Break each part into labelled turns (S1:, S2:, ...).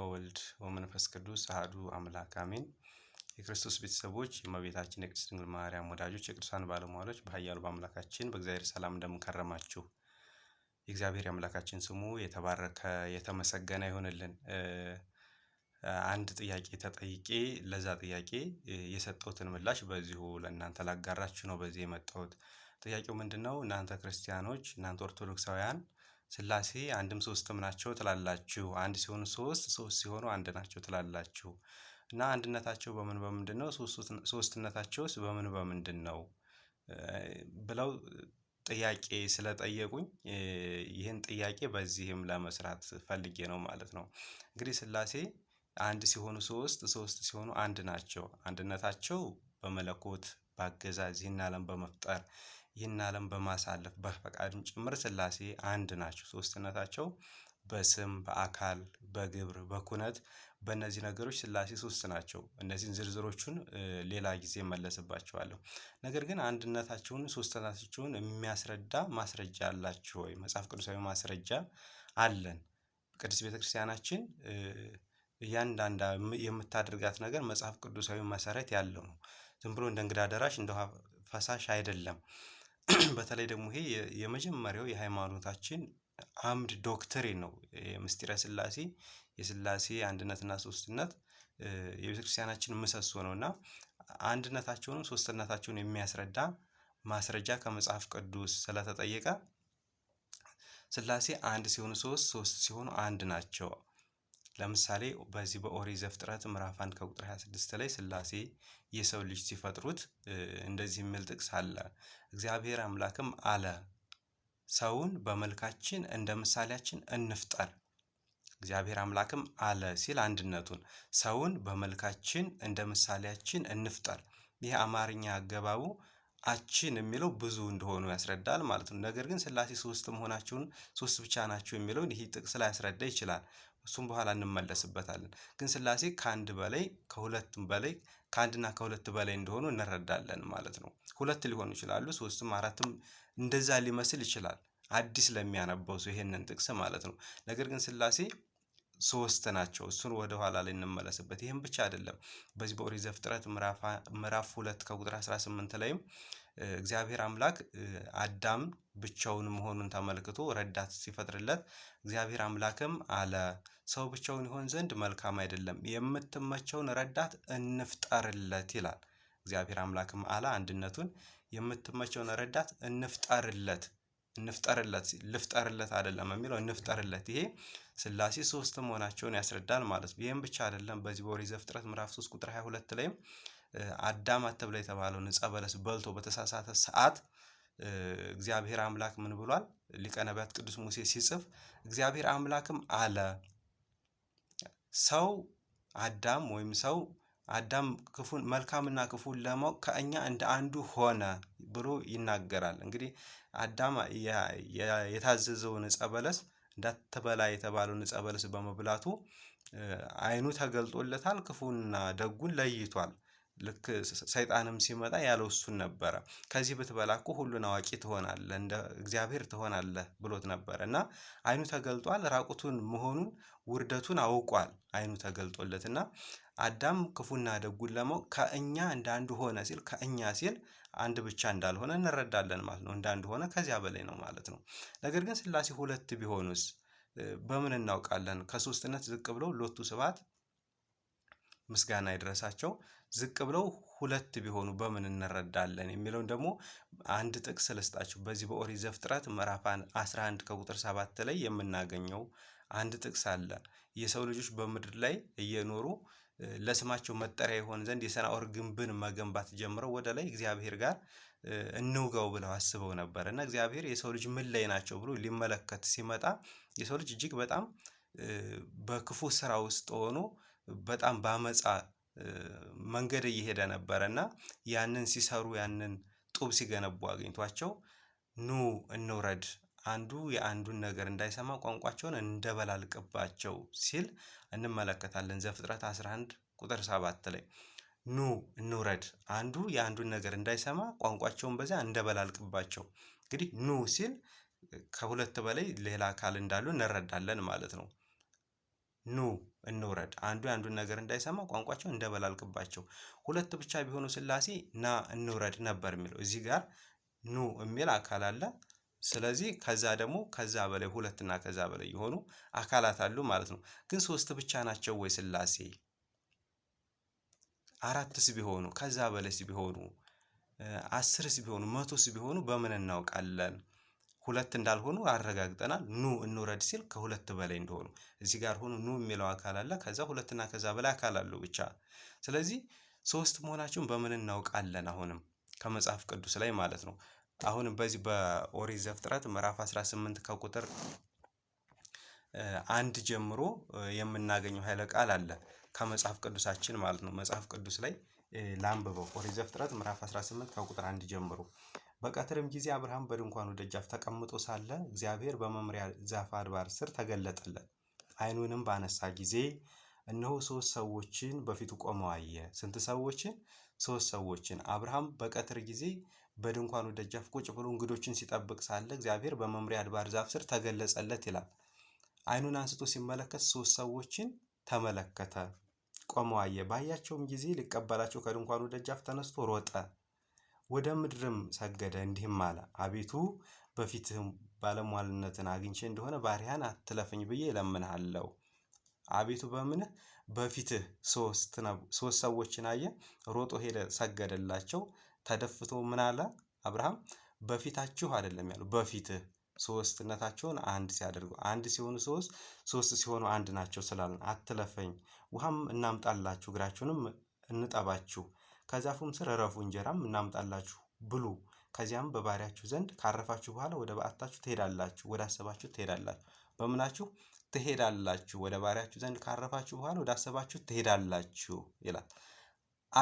S1: ወወልድ ወመንፈስ ቅዱስ አህዱ አምላክ አሜን። የክርስቶስ ቤተሰቦች የእመቤታችን የቅድስት ድንግል ማርያም ወዳጆች የቅዱሳን ባለሟሎች በኃያሉ በአምላካችን በእግዚአብሔር ሰላም እንደምንከረማችሁ የእግዚአብሔር የአምላካችን ስሙ የተባረከ የተመሰገነ ይሆንልን። አንድ ጥያቄ ተጠይቄ ለዛ ጥያቄ የሰጠሁትን ምላሽ በዚሁ ለእናንተ ላጋራችሁ ነው በዚህ የመጣሁት። ጥያቄው ምንድን ነው? እናንተ ክርስቲያኖች፣ እናንተ ኦርቶዶክሳውያን ስላሴ አንድም ሶስትም ናቸው ትላላችሁ። አንድ ሲሆኑ ሶስት፣ ሶስት ሲሆኑ አንድ ናቸው ትላላችሁ እና አንድነታቸው በምን በምንድን ነው? ሶስትነታቸውስ በምን በምንድን ነው ብለው ጥያቄ ስለጠየቁኝ ይህን ጥያቄ በዚህም ለመስራት ፈልጌ ነው ማለት ነው። እንግዲህ ስላሴ አንድ ሲሆኑ ሶስት፣ ሶስት ሲሆኑ አንድ ናቸው። አንድነታቸው በመለኮት በአገዛዝ ይህን ዓለም በመፍጠር ይህን ዓለም በማሳለፍ በፈቃድም ጭምር ስላሴ አንድ ናቸው። ሶስትነታቸው በስም በአካል በግብር በኩነት በእነዚህ ነገሮች ስላሴ ሶስት ናቸው። እነዚህን ዝርዝሮቹን ሌላ ጊዜ መለስባቸዋለሁ። ነገር ግን አንድነታቸውን ሶስትነታቸውን የሚያስረዳ ማስረጃ አላችሁ ወይ? መጽሐፍ ቅዱሳዊ ማስረጃ አለን። ቅድስት ቤተክርስቲያናችን እያንዳንዳ የምታደርጋት ነገር መጽሐፍ ቅዱሳዊ መሰረት ያለው ነው። ዝም ብሎ እንደ እንግዳ ደራሽ እንደ ውሃ ፈሳሽ አይደለም። በተለይ ደግሞ ይሄ የመጀመሪያው የሃይማኖታችን አምድ ዶክትሪን ነው። የምስጢረ ስላሴ የስላሴ አንድነትና ሶስትነት የቤተክርስቲያናችን ምሰሶ ነው እና አንድነታቸውንም ሶስትነታቸውን የሚያስረዳ ማስረጃ ከመጽሐፍ ቅዱስ ስለተጠየቀ ስላሴ አንድ ሲሆኑ ሶስት ሶስት ሲሆኑ አንድ ናቸው ለምሳሌ በዚህ በኦሪት ዘፍጥረት ምዕራፍ 1 ከቁጥር 26 ላይ ስላሴ የሰው ልጅ ሲፈጥሩት እንደዚህ የሚል ጥቅስ አለ። እግዚአብሔር አምላክም አለ ሰውን በመልካችን እንደ ምሳሌያችን እንፍጠር። እግዚአብሔር አምላክም አለ ሲል አንድነቱን ሰውን በመልካችን እንደ ምሳሌያችን እንፍጠር። ይህ አማርኛ አገባቡ አችን የሚለው ብዙ እንደሆኑ ያስረዳል ማለት ነው። ነገር ግን ስላሴ ሶስት መሆናቸውን ሶስት ብቻ ናቸው የሚለውን ይህ ጥቅስ ላያስረዳ ይችላል። እሱም በኋላ እንመለስበታለን። ግን ስላሴ ከአንድ በላይ ከሁለትም በላይ ከአንድና ከሁለት በላይ እንደሆኑ እንረዳለን ማለት ነው። ሁለት ሊሆኑ ይችላሉ፣ ሶስትም አራትም እንደዛ ሊመስል ይችላል። አዲስ ለሚያነበው ሰው ይሄንን ጥቅስ ማለት ነው። ነገር ግን ስላሴ። ሶስት ናቸው። እሱን ወደ ኋላ ላይ እንመለስበት። ይህም ብቻ አይደለም። በዚህ በኦሪት ዘፍጥረት ምዕራፍ ሁለት ከቁጥር 18 ላይም እግዚአብሔር አምላክ አዳም ብቻውን መሆኑን ተመልክቶ ረዳት ሲፈጥርለት እግዚአብሔር አምላክም አለ ሰው ብቻውን ይሆን ዘንድ መልካም አይደለም፣ የምትመቸውን ረዳት እንፍጠርለት ይላል። እግዚአብሔር አምላክም አለ አንድነቱን የምትመቸውን ረዳት እንፍጠርለት እንፍጠርለት ልፍጠርለት አይደለም የሚለው እንፍጠርለት። ይሄ ስላሴ ሶስት መሆናቸውን ያስረዳል ማለት ነው። ይህም ብቻ አይደለም። በዚህ በኦሪት ዘፍጥረት ምዕራፍ 3 ቁጥር 22 ላይም አዳም አትብላ የተባለው ዕፀ በለስ በልቶ በተሳሳተ ሰዓት እግዚአብሔር አምላክ ምን ብሏል? ሊቀ ነቢያት ቅዱስ ሙሴ ሲጽፍ እግዚአብሔር አምላክም አለ ሰው አዳም ወይም ሰው አዳም ክፉን መልካምና ክፉን ለማወቅ ከእኛ እንደ አንዱ ሆነ ብሎ ይናገራል። እንግዲህ አዳም የታዘዘውን ዕፀ በለስ እንዳትበላ የተባለውን ዕፀ በለስ በመብላቱ አይኑ ተገልጦለታል። ክፉንና ደጉን ለይቷል። ልክ ሰይጣንም ሲመጣ ያለው እሱን ነበረ። ከዚህ ብትበላ እኮ ሁሉን አዋቂ ትሆናለህ፣ እንደ እግዚአብሔር ትሆናለህ ብሎት ነበረ እና አይኑ ተገልጧል። ራቁቱን መሆኑን ውርደቱን አውቋል። አይኑ ተገልጦለት እና አዳም ክፉና ደጉን ለማወቅ ከእኛ እንዳንዱ ሆነ ሲል ከእኛ ሲል አንድ ብቻ እንዳልሆነ እንረዳለን ማለት ነው። እንዳንዱ ሆነ ከዚያ በላይ ነው ማለት ነው። ነገር ግን ስላሴ ሁለት ቢሆኑስ በምን እናውቃለን? ከሶስትነት ዝቅ ብለው ሎቱ ስብሐት ምስጋና ይድረሳቸው ዝቅ ብለው ሁለት ቢሆኑ በምን እንረዳለን የሚለውን ደግሞ አንድ ጥቅስ ልስጣችሁ። በዚህ በኦሪት ዘፍጥረት ምዕራፍ 11 ከቁጥር 7 ላይ የምናገኘው አንድ ጥቅስ አለ። የሰው ልጆች በምድር ላይ እየኖሩ ለስማቸው መጠሪያ የሆን ዘንድ የሰናዖር ግንብን መገንባት ጀምረው ወደ ላይ እግዚአብሔር ጋር እንውጋው ብለው አስበው ነበር እና እግዚአብሔር የሰው ልጅ ምን ላይ ናቸው ብሎ ሊመለከት ሲመጣ የሰው ልጅ እጅግ በጣም በክፉ ስራ ውስጥ ሆኖ በጣም በአመፃ መንገድ እየሄደ ነበረ እና ያንን ሲሰሩ ያንን ጡብ ሲገነቡ አግኝቷቸው ኑ እንውረድ አንዱ የአንዱን ነገር እንዳይሰማ ቋንቋቸውን እንደበላልቅባቸው ሲል እንመለከታለን። ዘፍጥረት 11 ቁጥር 7 ላይ ኑ እንውረድ አንዱ የአንዱን ነገር እንዳይሰማ ቋንቋቸውን በዚያ እንደበላልቅባቸው። እንግዲህ ኑ ሲል ከሁለት በላይ ሌላ አካል እንዳሉ እንረዳለን ማለት ነው። ኑ እንውረድ፣ አንዱ የአንዱን ነገር እንዳይሰማ ቋንቋቸው እንደበላልቅባቸው፣ ሁለት ብቻ ቢሆኑ ስላሴ ና እንውረድ ነበር የሚለው እዚህ ጋር ኑ የሚል አካል አለ። ስለዚህ ከዛ ደግሞ ከዛ በላይ ሁለትና ከዛ በላይ የሆኑ አካላት አሉ ማለት ነው። ግን ሶስት ብቻ ናቸው ወይ ስላሴ? አራትስ ቢሆኑ ከዛ በላይስ ቢሆኑ አስርስ ቢሆኑ መቶስ ቢሆኑ በምን እናውቃለን? ሁለት እንዳልሆኑ አረጋግጠናል። ኑ እንውረድ ሲል ከሁለት በላይ እንደሆኑ እዚህ ጋር ሆኑ ኑ የሚለው አካል አለ። ከዛ ሁለትና ከዛ በላይ አካል አለው ብቻ። ስለዚህ ሶስት መሆናቸውን በምን እናውቃለን? አሁንም ከመጽሐፍ ቅዱስ ላይ ማለት ነው። አሁን በዚህ በኦሪት ዘፍጥረት ምዕራፍ 18 ከቁጥር አንድ ጀምሮ የምናገኘው ኃይለ ቃል አለ ከመጽሐፍ ቅዱሳችን ማለት ነው። መጽሐፍ ቅዱስ ላይ ላንብበው። ኦሪት ዘፍጥረት ምዕራፍ 18 ከቁጥር አንድ ጀምሮ በቀትርም ጊዜ አብርሃም በድንኳኑ ደጃፍ ተቀምጦ ሳለ እግዚአብሔር በመምሪያ ዛፍ አድባር ስር ተገለጠለት። ዓይኑንም ባነሳ ጊዜ እነሆ ሶስት ሰዎችን በፊቱ ቆመው አየ። ስንት ሰዎችን? ሶስት ሰዎችን። አብርሃም በቀትር ጊዜ በድንኳኑ ደጃፍ ቁጭ ብሎ እንግዶችን ሲጠብቅ ሳለ እግዚአብሔር በመምሪያ አድባር ዛፍ ስር ተገለጸለት ይላል። ዓይኑን አንስቶ ሲመለከት ሶስት ሰዎችን ተመለከተ፣ ቆመው አየ። ባያቸውም ጊዜ ሊቀበላቸው ከድንኳኑ ደጃፍ ተነስቶ ሮጠ። ወደ ምድርም ሰገደ እንዲህም አለ አቤቱ በፊትህም ባለሟልነትን አግኝቼ እንደሆነ ባሪያን አትለፈኝ ብዬ እለምንሃለሁ። አቤቱ በምንህ በፊትህ ሶስት ሰዎችን አየ፣ ሮጦ ሄደ፣ ሰገደላቸው። ተደፍቶ ምን አለ አብርሃም? በፊታችሁ አይደለም ያለው በፊትህ ሶስትነታቸውን አንድ ሲያደርጉ አንድ ሲሆኑ ሶስት ሶስት ሲሆኑ አንድ ናቸው ስላለን አትለፈኝ። ውሃም እናምጣላችሁ እግራችሁንም እንጠባችሁ ከዛፉም ስር እረፉ፣ እንጀራም እናምጣላችሁ ብሉ፣ ከዚያም በባሪያችሁ ዘንድ ካረፋችሁ በኋላ ወደ በዓታችሁ ትሄዳላችሁ፣ ወደ አሰባችሁ ትሄዳላችሁ። በምናችሁ ትሄዳላችሁ፣ ወደ ባሪያችሁ ዘንድ ካረፋችሁ በኋላ ወደ አሰባችሁ ትሄዳላችሁ ይላል።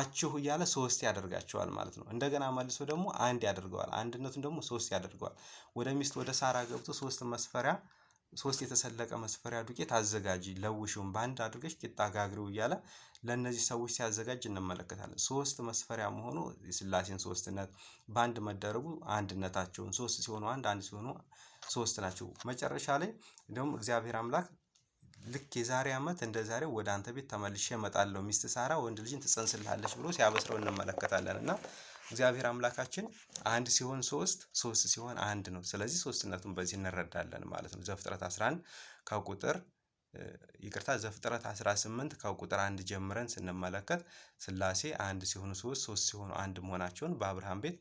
S1: አችሁ እያለ ሶስት ያደርጋቸዋል ማለት ነው። እንደገና መልሶ ደግሞ አንድ ያደርገዋል። አንድነቱን ደግሞ ሶስት ያደርገዋል። ወደ ሚስት ወደ ሳራ ገብቶ ሶስት መስፈሪያ ሶስት የተሰለቀ መስፈሪያ ዱቄት አዘጋጂ ለውሽውን በአንድ አድርገሽ ቂጣ ጋግሪው እያለ ለእነዚህ ሰዎች ሲያዘጋጅ እንመለከታለን። ሶስት መስፈሪያ መሆኑ የስላሴን ሶስትነት በአንድ መደረጉ አንድነታቸውን ሶስት ሲሆኑ አንድ አንድ ሲሆኑ ሶስት ናቸው። መጨረሻ ላይ ደግሞ እግዚአብሔር አምላክ ልክ የዛሬ ዓመት እንደ ዛሬው ወደ አንተ ቤት ተመልሼ እመጣለሁ፣ ሚስት ሳራ ወንድ ልጅን ትጸንስልሃለች ብሎ ሲያበስረው እንመለከታለን እና እግዚአብሔር አምላካችን አንድ ሲሆን ሶስት ሶስት ሲሆን አንድ ነው። ስለዚህ ሶስትነቱን በዚህ እንረዳለን ማለት ነው። ዘፍጥረት 11 ከቁጥር ይቅርታ ዘፍጥረት 18 ከቁጥር አንድ ጀምረን ስንመለከት ስላሴ አንድ ሲሆኑ ሶስት ሶስት ሲሆኑ አንድ መሆናቸውን በአብርሃም ቤት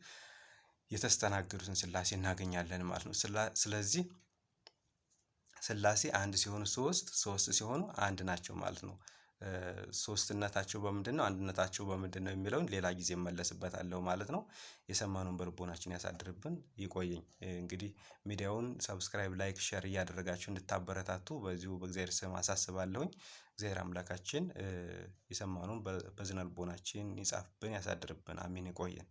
S1: የተስተናገዱትን ስላሴ እናገኛለን ማለት ነው። ስለዚህ ስላሴ አንድ ሲሆኑ ሶስት ሶስት ሲሆኑ አንድ ናቸው ማለት ነው። ሶስትነታቸው በምንድን ነው አንድነታቸው በምንድን ነው የሚለውን ሌላ ጊዜ እመለስበታለሁ ማለት ነው። የሰማነውን በልቦናችን ያሳድርብን ይቆየኝ እንግዲህ ሚዲያውን ሰብስክራይብ ላይክ ሸር እያደረጋችሁ እንድታበረታቱ በዚሁ በእግዚአብሔር ስም አሳስባለሁኝ። እግዚአብሔር አምላካችን የሰማነውን በዝነ ልቦናችን ይጻፍብን ያሳድርብን አሜን ይቆየን